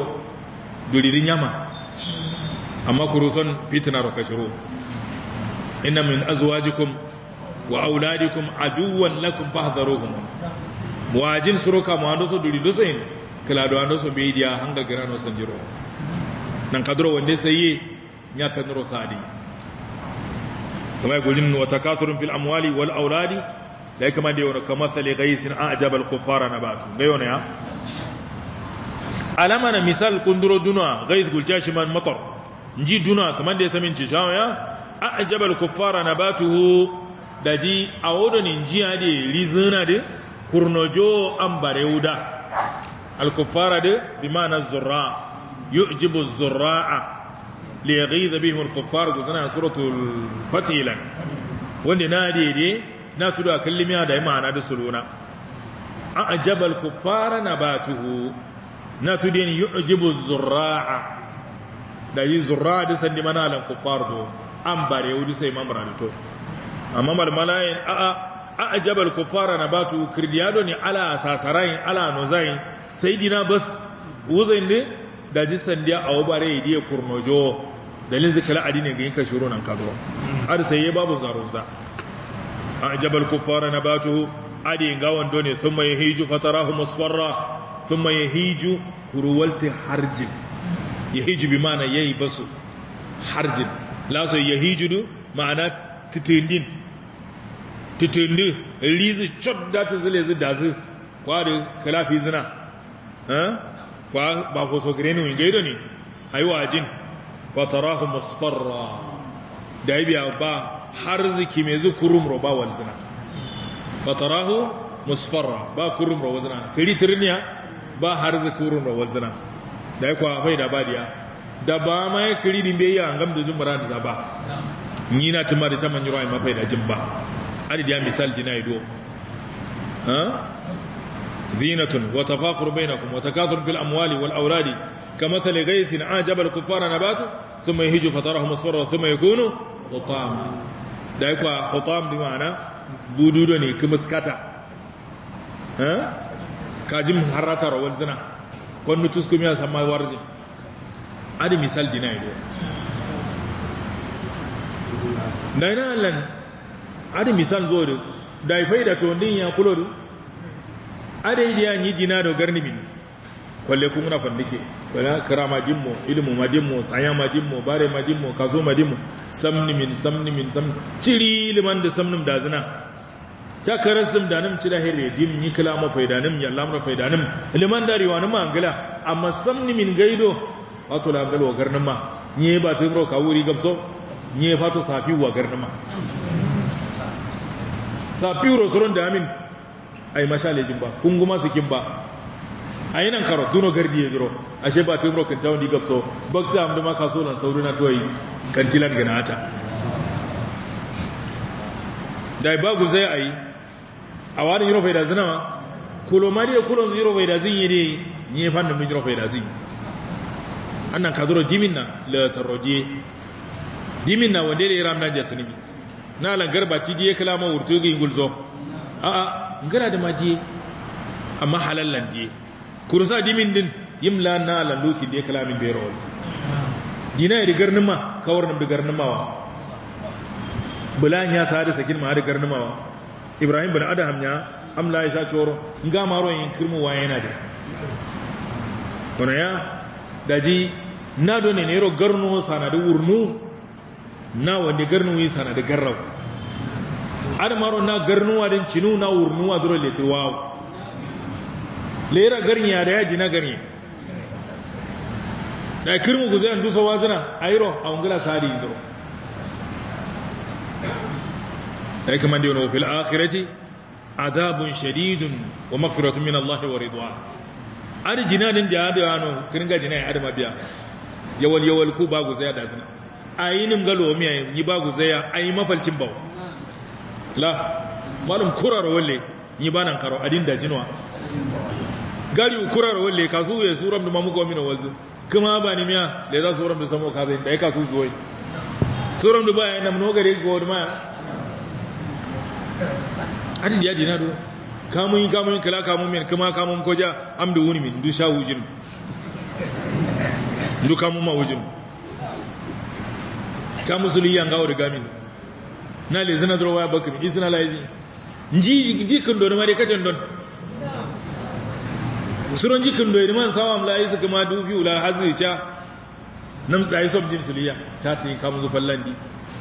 [SPEAKER 1] duririn yama amma ku rusan fitina da kashiro inna min azwajikum wa auladikum aduwan lakum fahdharuhum wajin suruka ma ando so duri dosin kala do ando so diya hanga san jiro nan kadro wande sayi nya kadro sadi kama gulin wa takathurun fil amwali wal auladi da kama da yau kama sali ghaisin ajabal kufara na nabatu gayo ne ya alamana misal kunduro duna gaiz gulcashi man matar nji duna kamar da ya samin ci shawo a ajabal kuffara nabatuhu daji ji a wodon inji ya da rizina da kurnojo an barewuda al-kuffara de bi ma'ana zurra yu'jibu zurra'a li yaghiza bihim al-kuffar guzana suratul fatila wanda na dede na tudu a kallimiya da yi ma'ana da suluna a ajabal kuffara nabatuhu na tu den yu'jibu zurra'a da yi zurra'a da sandi mana lan kufar do an bare wudi sai mamra da to amma mal malayin a a ajabal kufar na batu kirdiyado ni ala sasarai ala nozai sayidina bas wuzain ne da ji sandiya a wabare ya kurnojo dalin zikala adini ga yinka shuru nan kazo har sai babu zarunza ajabal al na batu adi gawan done thumma yahiju fatarahu musfarra thumma yahiju ruwalti harjin yahiju bi mana yayi basu harjin la so yahiju du ma'ana titindin Titindin rizi chot da ta zile zu da zu kwa da kalafi zina eh kwa ba ko so gire ne win gaido ne haiwa jin wa tarahu musfarra da biya ba har ziki mai zu kurum roba wal zina wa musfarra ba kurum roba zina kiri tirniya ba har zikurun rawar zina da ya kwa da ba diya? da ba ma ya kiri din bai ya ngam da jin murad da zaba ni na tumar da taman yiro ai mafai da jin ba adi diya misal jina ido do zinatun wa tafakhur bainakum wa takathur fil amwali wal awladi na batu su mai hiji nabatu thumma yahiju fatarahu su mai kuno hutama da ya kwa hutam bi ma'ana bududo ne kuma skata kajin harata rawar zina kwanu tuskumi a samma warzin adi misal dina ido na ina allan adi misal zo da daifai da tondin ya kulo da adi idiya yi jina da garnimin kwalle kun na fandike wala kira majinmu ilimu majinmu ma majinmu bare majinmu dimmo kazo ma dimmo samnimin samnimin samnimin ciri liman da samnim da zina ta karas dum danim ci da hire ni kala ma faidanim ya lamra faidanim liman dari wani ma angala amma samni min gaido wato la angalo garnin ma ni ba ta bro ka wuri gamso ni fa to safi wa garnin ma safi ro soron da amin ai mashale jin ba kun guma kin ba ai nan karo duno gardi ya giro ashe ba ta bro kan tawo di gamso bakta am ma kaso lan saurina toyi kantilan ganata da babu zai ayi wani yiro faida zina kulo mari e kulo ziro faida zin ne ni yi dum yiro faida zin annan kaduro diminna la taroje diminna wande le ramna ja sanibi na la garba ti je kala ma wurto gi gulzo a a ngara da maji amma halallan je kursa dimin din yimla na la luki de kala min bero dina rigar nima kawar nan rigar wa bulan ya sa da sakin ma rigar wa ibrahim bin adam ya amla isa in nga maro yin kirmu wa yana da kono ya daji na do ne nero garno sanadu wurnu na wani garnu yi sanadu garrau adamaro na garnu wa din cinu na wurnu wa dole leti wa lera garni ya da yaji na garni da kirmu guzan dusa wazina ayro a ungula sari dro ai kamar da wani fil akhirati azabun shadidun wa maghfiratun min Allah wa ridwan arjina din da da yano kiringa jinai adama biya yawal yawal ku ba guzaya da zina ayinin galo miya yi ba guzaya ayi mafalcin bawo la malum kurar walle yi ba nan karo adin da jinwa gari kurar walle kasu ya suram da mamuka wa mina wazu kuma ba ni miya da za suram da samo kazai da ya su zuwai suram da ba ya namno gari ga wani maya adi ya dina do kamun kamun kala kamun men kama kamun koja am da wuni min du sha wujin du kamun ma wujin kamun suli yan gawo gamin na le zana dro waya bakin izna laizi nji ji kun do na mare don suron ji kun do man sawam la yisu kuma du fi ula hazicha nam tsayi sob din suliya sati kamun zu fallandi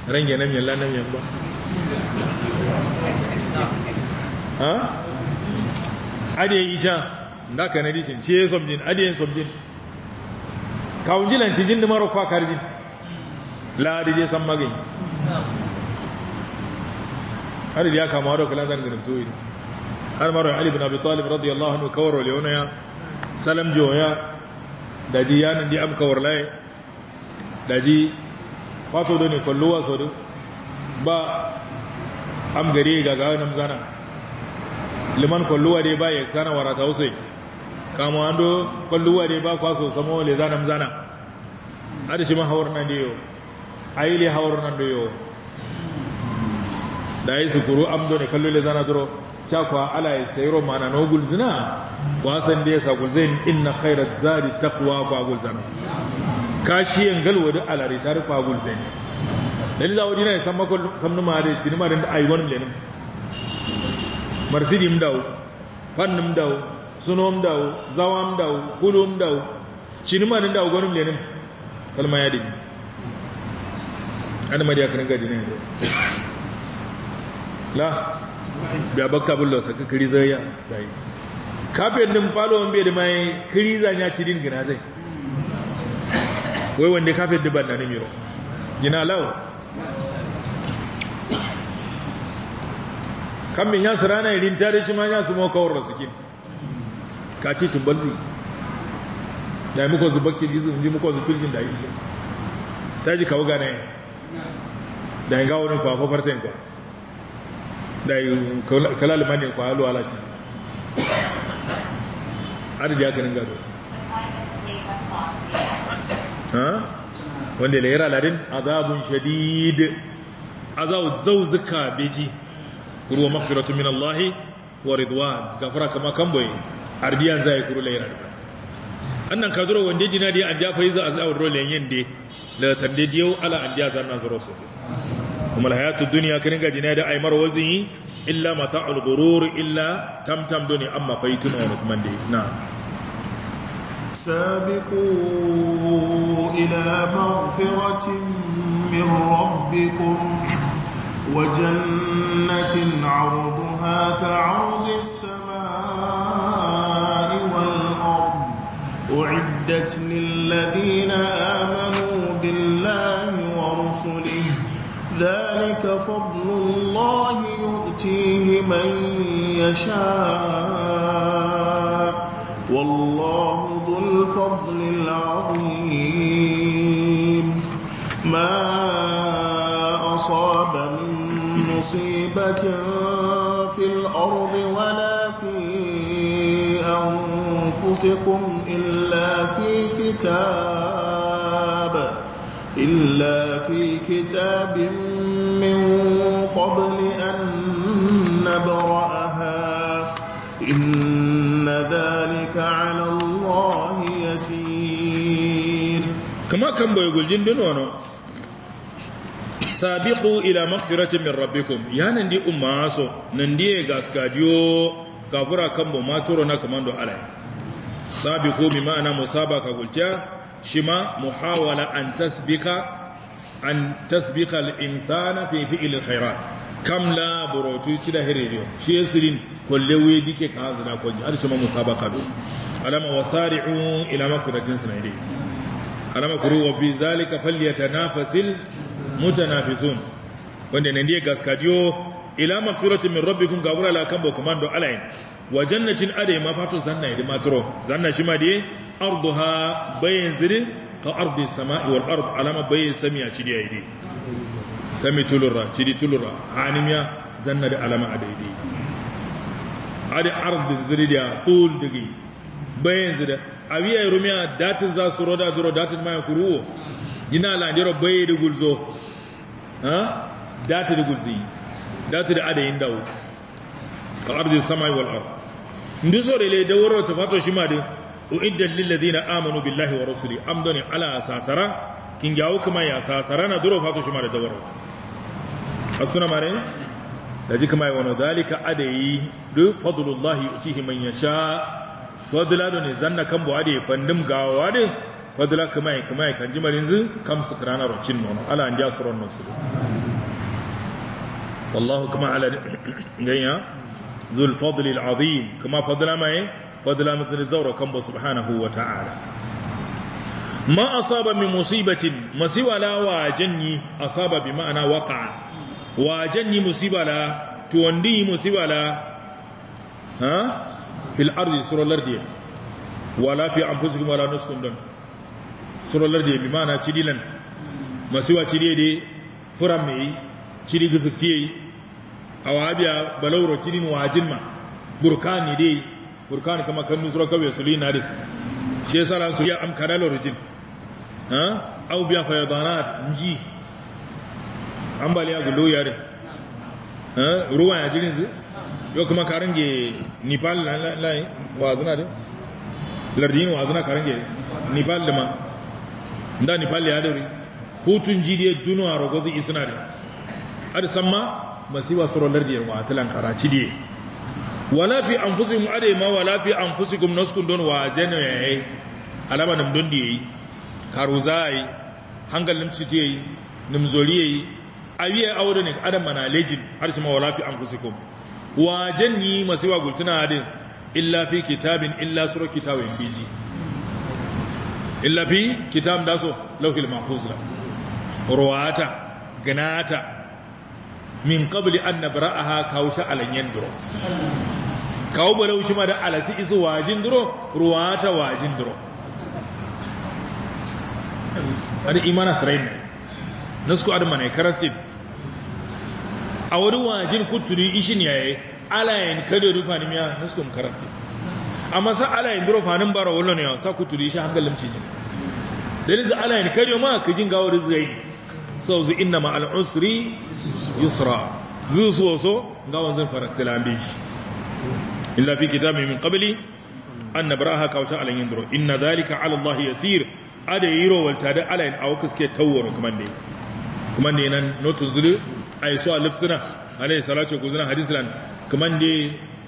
[SPEAKER 1] range nam yalla nam yamba ha isha da ka nadi shi ce somjin somjin kawun ci jin da kwa karjin la'adi je har ya kama wadda kula zan ganin toyi har mara ali bin abi talib radiyallahu anhu kawar ya salam joya daji ji di am kawar laye daji fato da ne kwallowa ba am gari ga gawa nam zana liman kolluwa dai ba ya zana warata usai kamo ando kolluwa dai ba kwaso samo le zana zana ada shi ma hawar nan dio yau le hawar nan da yau da yi sukuru do ne kallo le zana duro kwa ala ya sayro mana no gulzina wa san dai sa gulzain inna khairaz zadi taqwa ba gulzana kashiyan galwadi alari tarfa gulzain dalil za wadina ya san makon samnu mare cini mare da ayi wani lenin marsidi mdawo fannin mdawo suno mdawo zawa mdawo kulu mdawo cini mare da gwanin lenin kalma ya dingi Adama da ya kanin gaji ne la biya bakta bullo saka kiri zaya dai kafin din falo mbe da mai kiri zanya cidin gina zai wai wanda kafin diban na nimiro gina lawa kammin ya su rana irin tare shi ma ya su mawakawar rasukin ka ce tumbalzi da yi muka zuba kirgizin ji muka zuba turgin da yi shi ta ji kawo gane da yi gawo kwa fafar ta yankwa da yi kalalima ne kwa halu ala shi adadi aka nan gado wanda ya yi raladin azabun shadid azawu zauzuka beji kuru mafiratu min Allah wa ridwan gafara kama kamboy ardiyan zai kuru layra annan kaduro wande a an ja faiza azawar rolen yende la tande diyo ala an ja zanna zuro su kuma hayatu dunya kin ga jinadi ay mar wazin illa mata'ul ghurur illa tamtam duni amma faituna wa kuma dai na
[SPEAKER 2] سابقوا إلى مغفرة من ربكم وجنة عرضها كعرض السماء والأرض أعدت للذين آمنوا بالله ورسله ذلك فضل الله يؤتيه من يشاء والله ذو الفضل العظيم ما مصيبة في الأرض ولا في أنفسكم إلا في كتاب إلا في كتاب من قبل أن نبرأها إن ذلك على الله يسير كما كان بيقول
[SPEAKER 1] جندن ونو sabiqu ila maghfirati min rabbikum ya nan di umma so nan di gaskadio kafura kan bo maturo na kamando alai sabiqu bi ma'ana musabaka gultia shima muhawala an tasbika an tasbika al-insana fi fi'l khairat kam la burotu ci da hirriyo shi yasirin kolle we dike ka zana ko har shima musabaka bi alama wasari'u ila maghfirati sanaidi alama kuru wa bi zalika falyatanafasil mutanafizun wanda ne ndiye gaskadiyo ila magfiratin min rabbikum gabura la kambo komando alain wa jannatin adai ma fato zanna idi matro zanna shi ma dai arduha bayin zuri ka ardi samai wal ard alama bayin samiya ci dai dai sami tulura ci dai tulura hanimiya zanna da alama Adai dai adi ardi zuri da tul digi bayin zuri awiya rumiya datin za su roda duro datin ma kuruwo yina landiro bai da gulzo ha dati da gulzi dati da adayin dawo al ardi samai wal ard ndiso da le da woro ta fato shi ma da uiddat lil ladina amanu billahi wa rasuli amdani ala sasara kin yawo kuma ya sasara na duro fato shi ma da dawar dawaro asuna mare da ji kuma yi wani dalika adayi duk fadlullahi yutihi man yasha fadladu ne zanna kan bu adayi fandim gawa ne wadala kama yi kama yi kan jimar yanzu kamsu kirana rocin nono ala an jasu ron nasu wallahu kuma ala ganya zul fadli al'azim kuma fadla mai fadla mutum zaura kan ba subhanahu wa ta'ala ma asaba min musibatin masiwa la wa janni asaba bi ma'ana waqa'a wa janni musibala tuwandi musibala ha fil ardi sura lardiya wala fi anfusikum wala nuskum dan surolar da bi mana cidilan masiwa cidi da furan mai cidi gizikti awabiya balawro cidin wajin ma burkani dai burkani kama kan nusura kawai su lina dai shi ya sara su ya amkara lorjin ha au biya fayadanat nji ambaliya gulo yare ha ruwa ya jirin zai yau kuma karin ge nipal lai wazina dai lardin wazina karin ge nipal da ma ndani palle adori putun jide duno a rogozi isna de ad samma masiba soro lardi wa atlan karachi de wala fi anfusikum ade ma wala fi anfusikum naskun don wa janu yayi eh. alama nam don diyi karuzai hangalin citi yayi yi, yayi awiye awdo ne adam mana lejin har shi ma wala fi anfusikum wa janni masiba gultuna ade illa fi kitabin illa sura kitabin biji illa fi kitab da so lauhil mahfuz la ruwata ganata min qabli an nabraha kausha alan yandro kawo balau shi ma da alati izu wajin duro ruwata wajin duro ada imana sarayin nasku adama ne karasin a wani wajin kutri ishin yaye alayen kada rufa ne miya nasku karasib amma sa ala yin duro fanin bara wallo ne sa ku turi shi hankalin cijin dalil za ala yin kariyo ma ka jin gawo rizqai sau zu inna ma al usri yusra zu so so gawon zan fara tilambe shi illa fi kitabi min qabli an nabraha ka wasa alayhin duro inna dhalika ala allah yasir ada yiro walta da ala yin awkas ke tawwaro kaman ne kaman ne nan notun zulu ay so alipsina alayhi salatu wa kuzna hadislan kaman ne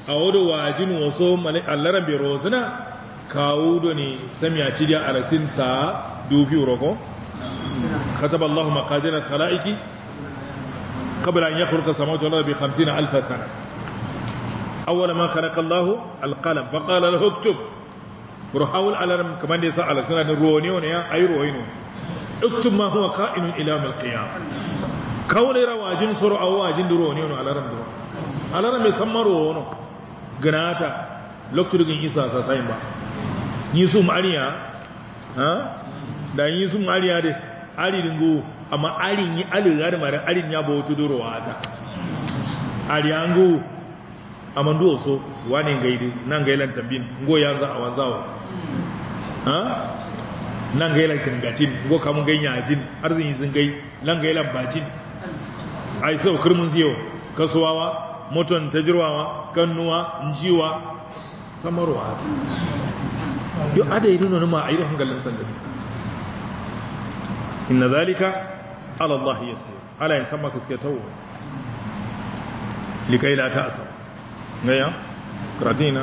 [SPEAKER 1] a wadda wajin waso allaran bai rozuna kawo da ne samyaci da alatin sa dubi roko? kataba allahu makaji na tala'iki? kabilan ya kurta samun jana bai hamsi na alfasana awwal ma kharaqa allahu alqalam fa qala lahu uktub ruhaul alaram kaman da yasa alaqala ni ruwani ne ya ay ruwainu uktub ma huwa qa'imun ila yawm alqiyam kawli rawajin suru awajin ruwani ne alaram do alaram mai samma ruwono ganata lokacin gin isa sa sayin ba yi su mariya ha da yi su mariya da ari dingo amma arin yi aliga da mara arin ya bawo tudoro ta ari ango amma ndo so wani gaide nan gailan tambin ngo yanzu a wanzawa ha nan gailan kingatin ngo kamun ganya jin arzin yi zingai nan gailan bajin ai sau kirmun ziyo kasuwawa moton ta jirwawa kannuwa njiwa samarwa yo ada yi nuna numa a yi ruhun gallon sandari inna zalika alallah ya sai ala yin sama kaske tawo likai la ta asa gaya karatun na?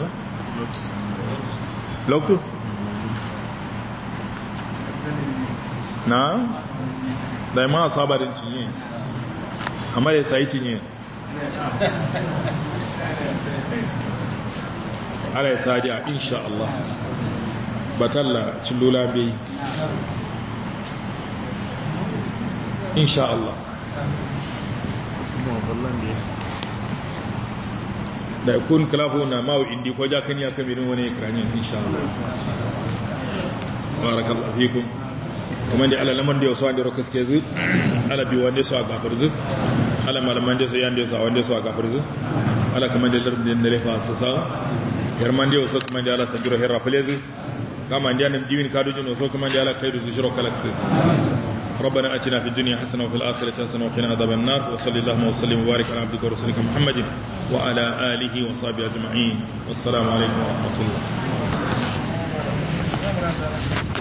[SPEAKER 1] loktu na da ma sabarin cinye amma ya sayi cinye ala ya a insha Allah batalla lula bai insha Allah da kun kalafo na mawa indi ko ja kan ya kamirin wani ikranin insha Allah barakallahu fikum kuma da alalaman da yau sa da rokas ke zu alabi wanda su a gafar zu ala malaman da su yan da su a ala kuma da lardin da lefa su sa yarman da su kuma da ala sadiro herra falezi kama da nan diwin kadujin su kuma da ala kaidu zushiro kalaksi ربنا اتنا في الدنيا حسنه وفي الاخره حسنه وقنا عذاب النار وصلى اللهم وسلم وبارك على عبدك ورسولك محمد وعلى اله وصحبه اجمعين والسلام عليكم ورحمه الله